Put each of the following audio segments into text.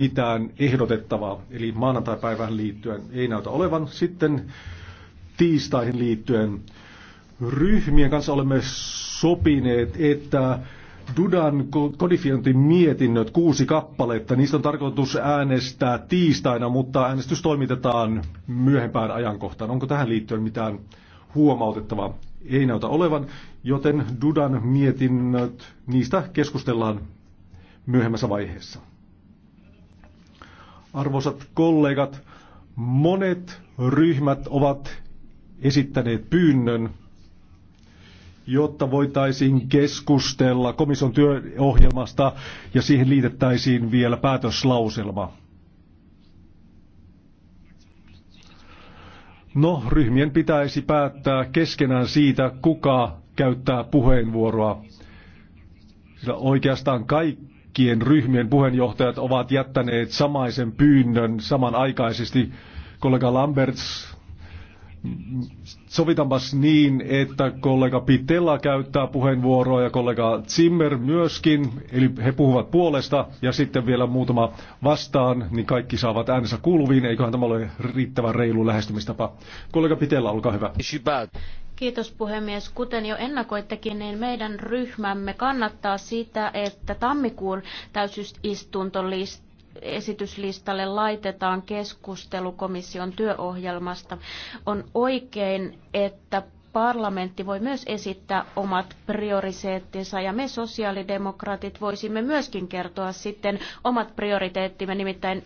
mitään ehdotettavaa, eli maanantai päivään liittyen ei näytä olevan. Sitten tiistaihin liittyen ryhmien kanssa olemme sopineet, että Dudan kodifiointimietinnöt, kuusi kappaletta, niistä on tarkoitus äänestää tiistaina, mutta äänestys toimitetaan myöhempään ajankohtaan. Onko tähän liittyen mitään huomautettavaa? Ei näytä olevan, joten Dudan mietinnöt, niistä keskustellaan myöhemmässä vaiheessa. Arvoisat kollegat, monet ryhmät ovat esittäneet pyynnön, jotta voitaisiin keskustella komission työohjelmasta ja siihen liitettäisiin vielä päätöslauselma. No, ryhmien pitäisi päättää keskenään siitä, kuka käyttää puheenvuoroa. Sillä oikeastaan kaikki kaikkien ryhmien puheenjohtajat ovat jättäneet samaisen pyynnön samanaikaisesti. Kollega Lamberts, sovitanpas niin, että kollega Pitella käyttää puheenvuoroa ja kollega Zimmer myöskin, eli he puhuvat puolesta ja sitten vielä muutama vastaan, niin kaikki saavat äänensä kuuluviin. Eiköhän tämä ole riittävän reilu lähestymistapa. Kollega Pitella, olkaa hyvä. Kiitos puhemies. Kuten jo ennakoittekin, niin meidän ryhmämme kannattaa sitä, että tammikuun täysistuntolista esityslistalle laitetaan keskustelu komission työohjelmasta. On oikein, että parlamentti voi myös esittää omat prioriteettinsa ja me sosiaalidemokraatit voisimme myöskin kertoa sitten omat prioriteettimme, nimittäin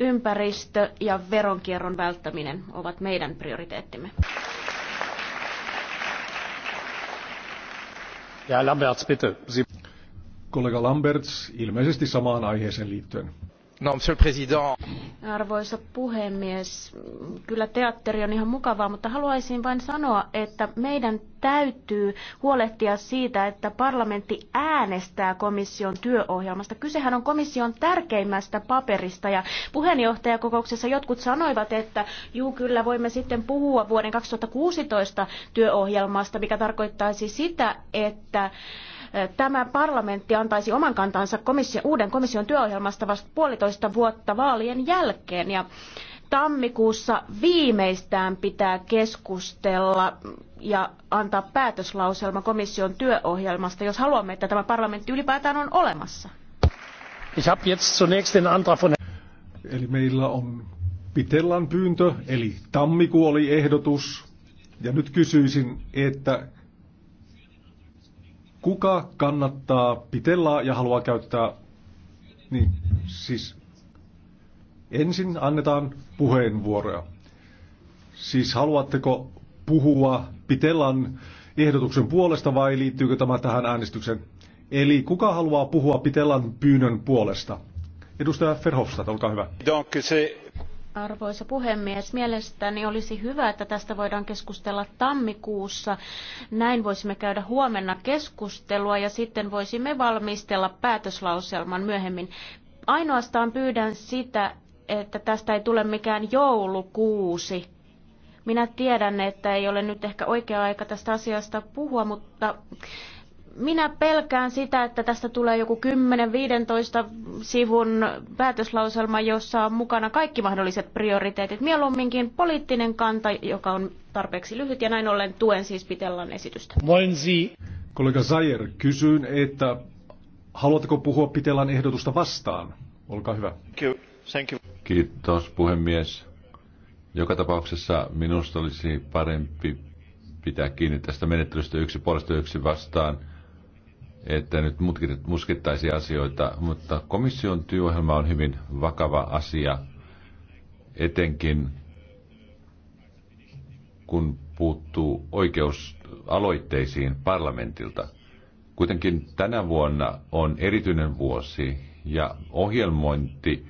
ympäristö ja veronkierron välttäminen ovat meidän prioriteettimme. Kollega Lamberts, ilmeisesti samaan aiheeseen liittyen. Arvoisa puhemies, kyllä teatteri on ihan mukavaa, mutta haluaisin vain sanoa, että meidän täytyy huolehtia siitä, että parlamentti äänestää komission työohjelmasta. Kysehän on komission tärkeimmästä paperista ja puheenjohtajakokouksessa jotkut sanoivat, että juu kyllä voimme sitten puhua vuoden kuusitoista työohjelmasta, mikä tarkoittaisi sitä, että tämä parlamentti antaisi oman kantansa komissio, uuden komission työohjelmasta vasta puolitoista vuotta vaalien jälkeen. Ja tammikuussa viimeistään pitää keskustella ja antaa päätöslauselma komission työohjelmasta, jos haluamme, että tämä parlamentti ylipäätään on olemassa. Ich habe jetzt zunächst den Antrag von... Eli meillä on Pitellan pyyntö, eli tammikuu oli ehdotus. Ja nyt kysyisin, että Kuka kannattaa pitellä ja haluaa käyttää, niin siis ensin annetaan puheenvuoroja. Siis haluatteko puhua Pitellan ehdotuksen puolesta vai liittyykö tämä tähän äänestykseen? Eli kuka haluaa puhua Pitellan pyynnön puolesta? Edustaja Ferhofstadt, olkaa hyvä. Donc, Arvoisa puhemies, mielestäni olisi hyvä, että tästä voidaan keskustella tammikuussa. Näin voisimme käydä huomenna keskustelua ja sitten voisimme valmistella päätöslauselman myöhemmin. Ainoastaan pyydän sitä, että tästä ei tule mikään joulukuusi. Minä tiedän, että ei ole nyt ehkä oikea aika tästä asiasta puhua, mutta minä pelkään sitä, että tästä tulee joku 10-15 sivun päätöslauselma, jossa on mukana kaikki mahdolliset prioriteetit. Mieluumminkin poliittinen kanta, joka on tarpeeksi lyhyt ja näin ollen tuen siis Pitellan esitystä. Voinsi. Kollega Zajer, kysyn, että haluatteko puhua Pitellan ehdotusta vastaan? Olkaa hyvä. Thank you. Thank you. Kiitos puhemies. Joka tapauksessa minusta olisi parempi pitää kiinni tästä menettelystä yksi puolesta yksi vastaan – että nyt muskittaisi asioita, mutta komission työohjelma on hyvin vakava asia, etenkin kun puuttuu oikeusaloitteisiin parlamentilta. Kuitenkin tänä vuonna on erityinen vuosi ja ohjelmointi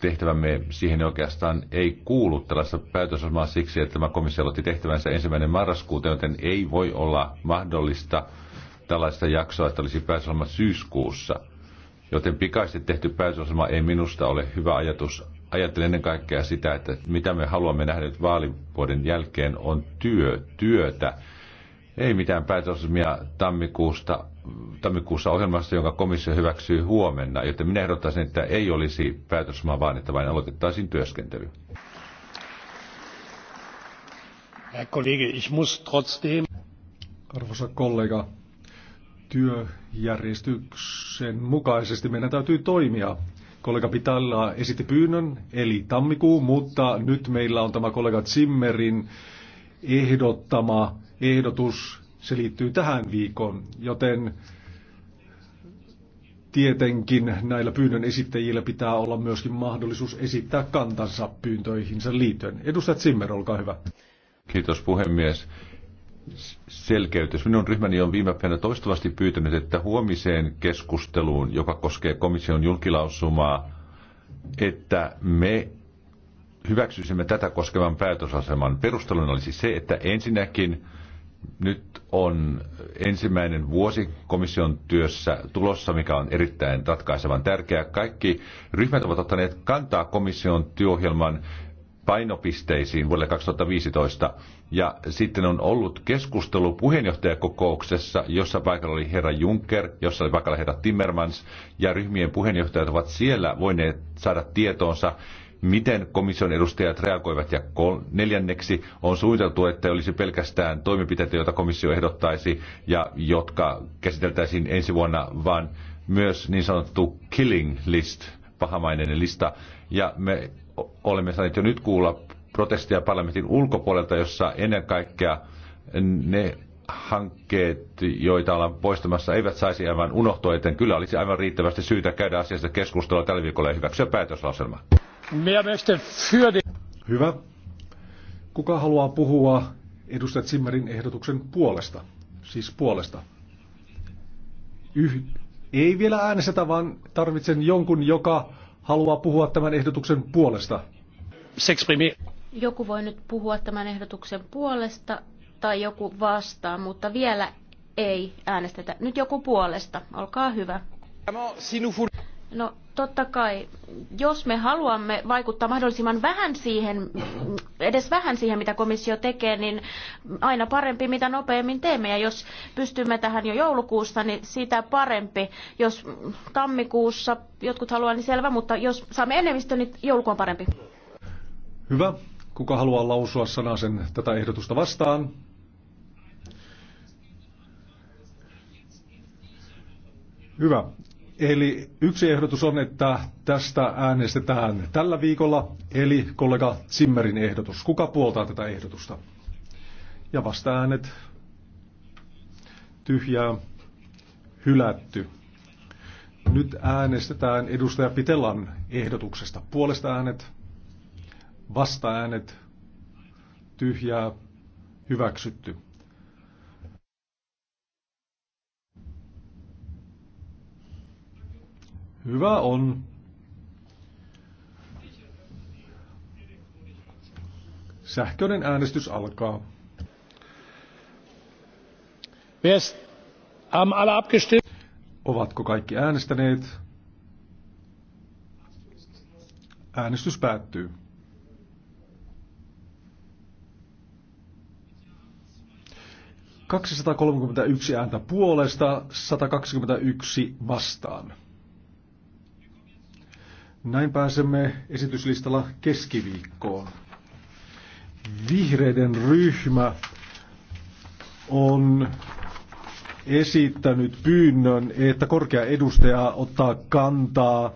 tehtävämme siihen oikeastaan ei kuulu tällaista päätösosmaa siksi, että tämä komissio aloitti tehtävänsä ensimmäinen marraskuuta, joten ei voi olla mahdollista tällaista jaksoa, että olisi pääsolma syyskuussa. Joten pikaisesti tehty pääsolma ei minusta ole hyvä ajatus. Ajattelen ennen kaikkea sitä, että mitä me haluamme nähdä nyt vaalivuoden jälkeen on työ, työtä. Ei mitään päätösohjelmia tammikuusta, tammikuussa ohjelmassa, jonka komissio hyväksyy huomenna. Joten minä ehdottaisin, että ei olisi päätösoma vaan että vain aloitettaisiin työskentely. Herr Kollege, ich muss trotzdem Arvoisa kollega, työjärjestyksen mukaisesti meidän täytyy toimia. Kollega Pitalla esitti pyynnön, eli tammikuu, mutta nyt meillä on tämä kollega Zimmerin ehdottama ehdotus, se liittyy tähän viikon, joten tietenkin näillä pyynnön esittäjillä pitää olla myöskin mahdollisuus esittää kantansa pyyntöihinsä liittyen. Edustaja Zimmer, olkaa hyvä. Kiitos puhemies selkeytys. Minun ryhmäni on viime päivänä toistuvasti pyytänyt, että huomiseen keskusteluun, joka koskee komission julkilausumaa, että me hyväksyisimme tätä koskevan päätösaseman. Perusteluna olisi se, että ensinnäkin nyt on ensimmäinen vuosi komission työssä tulossa, mikä on erittäin ratkaisevan tärkeää. Kaikki ryhmät ovat ottaneet kantaa komission työohjelman painopisteisiin vuodelle 2015. Ja sitten on ollut keskustelu puheenjohtajakokouksessa, jossa paikalla oli herra Juncker, jossa oli paikalla herra Timmermans, ja ryhmien puheenjohtajat ovat siellä voineet saada tietoonsa, miten komission edustajat reagoivat. Ja neljänneksi on suunniteltu, että olisi pelkästään toimenpiteitä, joita komissio ehdottaisi ja jotka käsiteltäisiin ensi vuonna, vaan myös niin sanottu killing list, pahamainen lista. Ja me Olemme saaneet jo nyt kuulla protesteja parlamentin ulkopuolelta, jossa ennen kaikkea ne hankkeet, joita ollaan poistamassa, eivät saisi aivan unohtua, joten kyllä olisi aivan riittävästi syytä käydä asiasta keskustelua tällä viikolla ja hyväksyä päätöslauselma. Hyvä. Kuka haluaa puhua edustaja Zimmerin ehdotuksen puolesta? Siis puolesta. Yh- ei vielä äänestetä, vaan tarvitsen jonkun, joka haluaa puhua tämän ehdotuksen puolesta. Joku voi nyt puhua tämän ehdotuksen puolesta tai joku vastaan, mutta vielä ei äänestetä. Nyt joku puolesta. Olkaa hyvä. No totta kai, jos me haluamme vaikuttaa mahdollisimman vähän siihen, edes vähän siihen, mitä komissio tekee, niin aina parempi, mitä nopeammin teemme. Ja jos pystymme tähän jo joulukuussa, niin sitä parempi. Jos tammikuussa jotkut haluaa, niin selvä, mutta jos saamme enemmistö, niin joulukuun parempi. Hyvä. Kuka haluaa lausua sanasen tätä ehdotusta vastaan? Hyvä. Eli yksi ehdotus on, että tästä äänestetään tällä viikolla, eli kollega Zimmerin ehdotus. Kuka puoltaa tätä ehdotusta? Ja vasta äänet. Tyhjää. Hylätty. Nyt äänestetään edustaja Pitelan ehdotuksesta. Puolesta äänet vastaäänet tyhjää hyväksytty. Hyvä on. Sähköinen äänestys alkaa. Ovatko kaikki äänestäneet? Äänestys päättyy. 231 ääntä puolesta, 121 vastaan. Näin pääsemme esityslistalla keskiviikkoon. Vihreiden ryhmä on esittänyt pyynnön, että korkea edustaja ottaa kantaa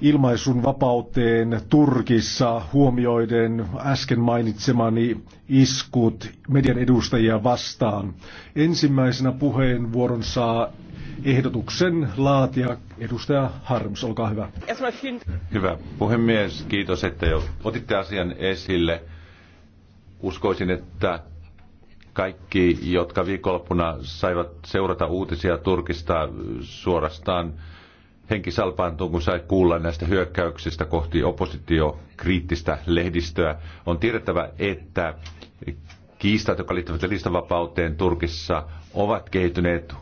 ilmaisun vapauteen Turkissa huomioiden äsken mainitsemani iskut median edustajia vastaan. Ensimmäisenä puheenvuoron saa ehdotuksen laatia edustaja Harms, olkaa hyvä. Hyvä puhemies, kiitos, että jo otitte asian esille. Uskoisin, että kaikki, jotka viikonloppuna saivat seurata uutisia Turkista suorastaan henki salpaantuu, kun sai kuulla näistä hyökkäyksistä kohti oppositiokriittistä lehdistöä. On tiedettävä, että kiistat, jotka liittyvät listanvapauteen Turkissa, ovat kehittyneet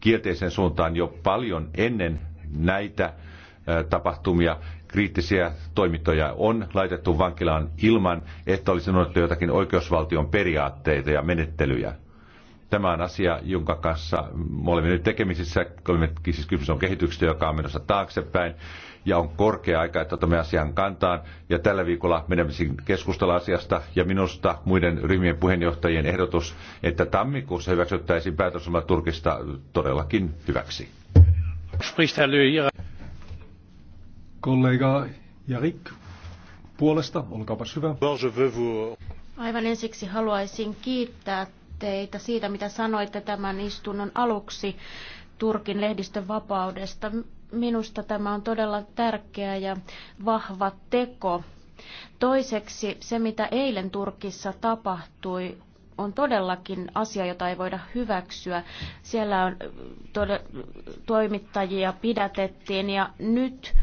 kielteiseen suuntaan jo paljon ennen näitä äh, tapahtumia. Kriittisiä toimintoja on laitettu vankilaan ilman, että olisi noudattu jotakin oikeusvaltion periaatteita ja menettelyjä. Tämä on asia, jonka kanssa me olemme nyt tekemisissä. Olemme, siis kysymys on kehityksestä, joka on menossa taaksepäin. Ja on korkea aika, että otamme asian kantaan. Ja tällä viikolla menemme keskustella asiasta. Ja minusta muiden ryhmien puheenjohtajien ehdotus, että tammikuussa hyväksyttäisiin päätösoma Turkista todellakin hyväksi. Kollega Jarik puolesta, olkaapas hyvä. Aivan ensiksi haluaisin kiittää teitä siitä, mitä sanoitte tämän istunnon aluksi Turkin lehdistön vapaudesta. Minusta tämä on todella tärkeä ja vahva teko. Toiseksi se, mitä eilen Turkissa tapahtui, on todellakin asia, jota ei voida hyväksyä. Siellä on toimittajia pidätettiin ja nyt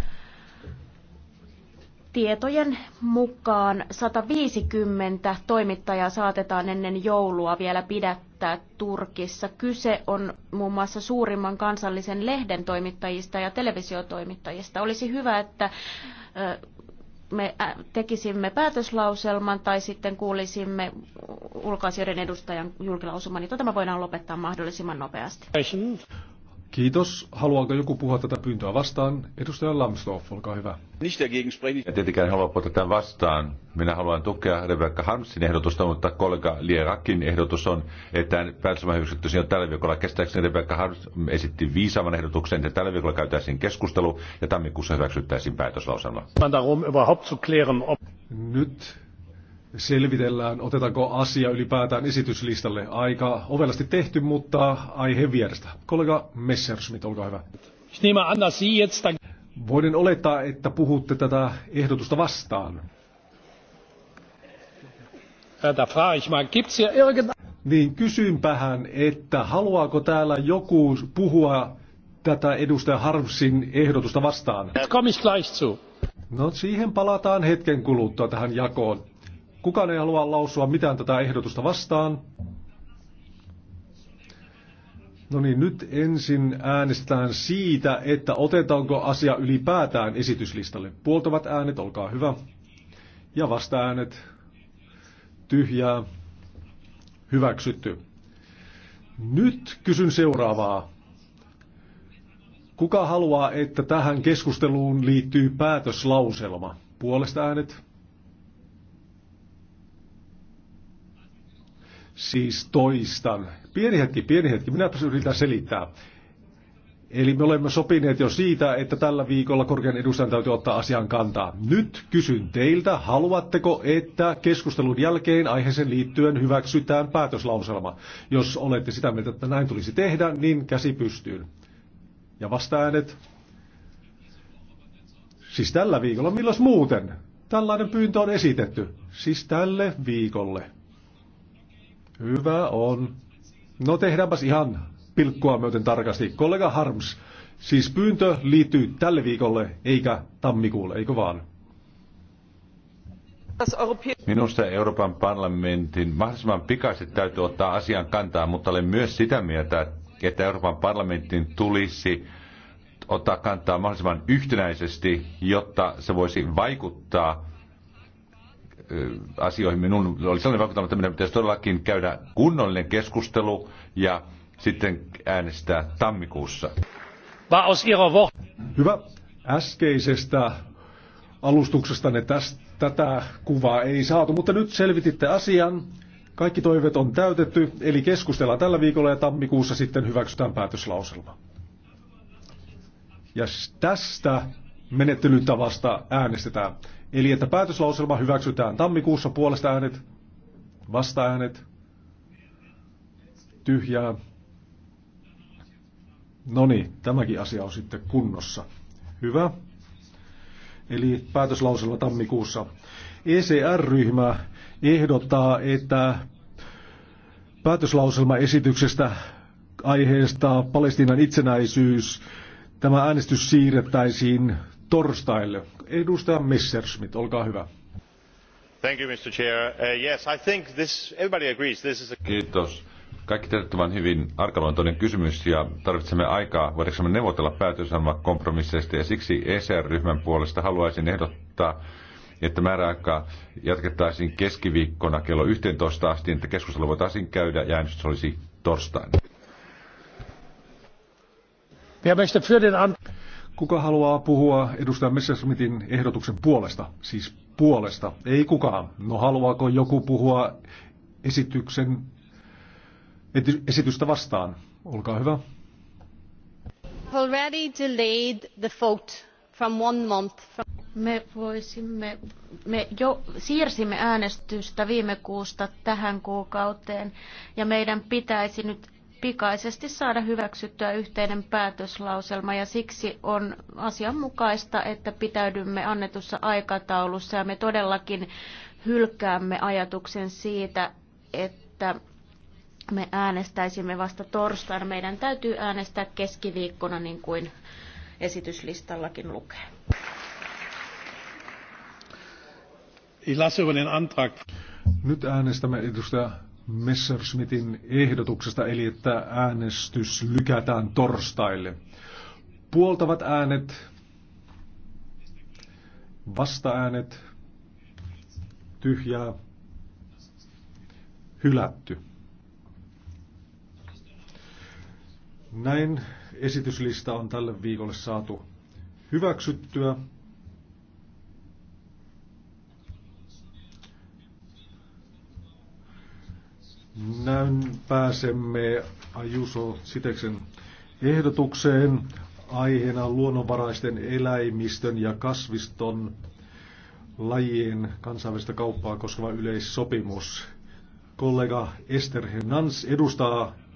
Tietojen mukaan 150 toimittajaa saatetaan ennen joulua vielä pidättää Turkissa. Kyse on muun mm. muassa suurimman kansallisen lehden toimittajista ja televisiotoimittajista. Olisi hyvä, että me tekisimme päätöslauselman tai sitten kuulisimme ulkoasioiden edustajan julkilausuman, niin tämä voidaan lopettaa mahdollisimman nopeasti. Kiitos. Haluaako joku puhua tätä pyyntöä vastaan? Edustaja Lambsdorff, olkaa hyvä. En tietenkään halua puhua tätä vastaan. Minä haluan tukea Rebecca Harmsin ehdotusta, mutta kollega Lierakin ehdotus on, että pääsemään hyväksytty jo tällä viikolla. Kestääkseni Rebecca Harms esitti viisaavan ehdotuksen, että tällä viikolla käytäisiin keskustelu ja tammikuussa hyväksyttäisiin päätöslauselma. Nyt selvitellään, otetaanko asia ylipäätään esityslistalle. Aika ovelasti tehty, mutta aihe vierestä. Kollega Messerschmidt, olkaa hyvä. Voin olettaa, että puhutte tätä ehdotusta vastaan. Niin kysynpähän, että haluaako täällä joku puhua tätä edustaja Harvsin ehdotusta vastaan? No siihen palataan hetken kuluttua tähän jakoon. Kukaan ei halua lausua mitään tätä ehdotusta vastaan. No niin, nyt ensin äänestetään siitä, että otetaanko asia ylipäätään esityslistalle. Puoltavat äänet, olkaa hyvä. Ja vasta äänet, tyhjää, hyväksytty. Nyt kysyn seuraavaa. Kuka haluaa, että tähän keskusteluun liittyy päätöslauselma? Puolesta äänet, Siis toistan. Pieni hetki, pieni hetki. Minä yritän selittää. Eli me olemme sopineet jo siitä, että tällä viikolla korkean edustajan täytyy ottaa asian kantaa. Nyt kysyn teiltä, haluatteko, että keskustelun jälkeen aiheeseen liittyen hyväksytään päätöslauselma? Jos olette sitä mieltä, että näin tulisi tehdä, niin käsi pystyyn. Ja -äänet. Siis tällä viikolla, milloin muuten? Tällainen pyyntö on esitetty. Siis tälle viikolle. Hyvä on. No tehdäänpäs ihan pilkkua myöten tarkasti. Kollega Harms, siis pyyntö liittyy tälle viikolle eikä tammikuulle, eikö vaan? Minusta Euroopan parlamentin mahdollisimman pikaisesti täytyy ottaa asian kantaa, mutta olen myös sitä mieltä, että Euroopan parlamentin tulisi ottaa kantaa mahdollisimman yhtenäisesti, jotta se voisi vaikuttaa asioihin. Minun oli sellainen vaikutelma, että meidän pitäisi todellakin käydä kunnollinen keskustelu ja sitten äänestää tammikuussa. Hyvä. Äskeisestä alustuksestanne tästä, tätä kuvaa ei saatu, mutta nyt selvititte asian. Kaikki toiveet on täytetty, eli keskustellaan tällä viikolla ja tammikuussa sitten hyväksytään päätöslauselma. Ja tästä menettelytavasta äänestetään. Eli että päätöslauselma hyväksytään tammikuussa puolesta äänet, vasta äänet, tyhjää. No niin, tämäkin asia on sitten kunnossa. Hyvä. Eli päätöslauselma tammikuussa. ECR-ryhmä ehdottaa, että päätöslauselma esityksestä aiheesta Palestiinan itsenäisyys, tämä äänestys siirrettäisiin torstaille. Edustaja Messerschmidt, olkaa hyvä. Thank you, Mr. Chair. Uh, yes, I think this, everybody agrees this is a... Kiitos. Kaikki tietävät hyvin arkaluontoinen kysymys ja tarvitsemme aikaa, voidaanko neuvotella päätösannoma kompromisseista ja siksi ECR-ryhmän puolesta haluaisin ehdottaa, että määräaikaa jatkettaisiin keskiviikkona kello 11 asti, että keskustelu voitaisiin käydä ja äänestys olisi torstaina. Ja Kuka haluaa puhua edustaja Messersmithin ehdotuksen puolesta? Siis puolesta, ei kukaan. No haluaako joku puhua esityksen, esitystä vastaan? Olkaa hyvä. Already delayed the vote from one month from... Me voisimme, me jo siirsimme äänestystä viime kuusta tähän kuukauteen ja meidän pitäisi nyt pikaisesti saada hyväksyttyä yhteinen päätöslauselma ja siksi on asianmukaista, että pitäydymme annetussa aikataulussa ja me todellakin hylkäämme ajatuksen siitä, että me äänestäisimme vasta torstaina. Meidän täytyy äänestää keskiviikkona niin kuin esityslistallakin lukee. Nyt äänestämme edustaja Messerschmittin ehdotuksesta, eli että äänestys lykätään torstaille. Puoltavat äänet, vastaäänet, tyhjää, hylätty. Näin esityslista on tälle viikolle saatu hyväksyttyä. Näin pääsemme Ajuso Siteksen ehdotukseen aiheena luonnonvaraisten eläimistön ja kasviston lajien kansainvälistä kauppaa koskeva yleissopimus. Kollega Ester Nans edustaa